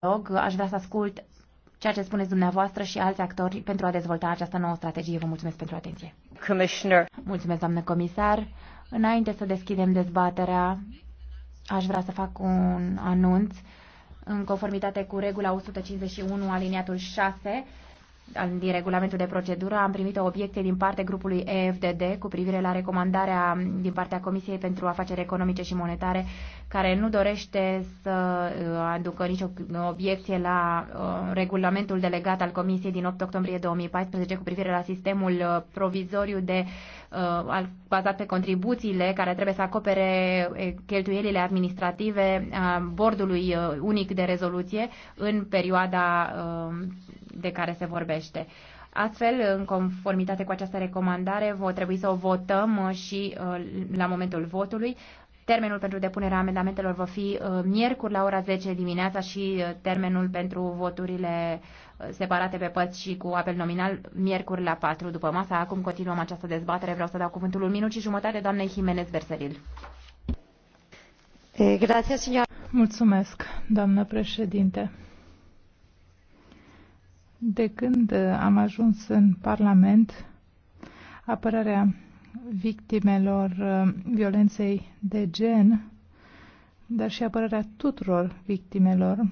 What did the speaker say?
dialog. Aș vrea să ascult ceea ce spuneți dumneavoastră și alți actori pentru a dezvolta această nouă strategie. Vă mulțumesc pentru atenție. Commissioner. Mulțumesc, doamnă comisar. Înainte să deschidem dezbaterea, aș vrea să fac un anunț în conformitate cu regula 151 aliniatul 6 din regulamentul de procedură am primit o obiecție din partea grupului EFDD cu privire la recomandarea din partea Comisiei pentru Afaceri Economice și Monetare, care nu dorește să uh, aducă nicio obiecție la uh, regulamentul delegat al Comisiei din 8 octombrie 2014 cu privire la sistemul uh, provizoriu de bazat pe contribuțiile care trebuie să acopere cheltuielile administrative a bordului unic de rezoluție în perioada de care se vorbește. Astfel, în conformitate cu această recomandare, vor trebui să o votăm uh, și uh, la momentul votului. Termenul pentru depunerea amendamentelor va fi uh, miercuri la ora 10 dimineața și termenul pentru voturile separate pe părți și cu apel nominal miercuri la 4 după masa. Acum continuăm această dezbatere. Vreau să dau cuvântul un minut și jumătate doamnei Jimenez Verseril. Eh, Mulțumesc, doamnă președinte. De când uh, am ajuns în Parlament, apărarea victimelor uh, violenței de gen, dar și apărarea tuturor victimelor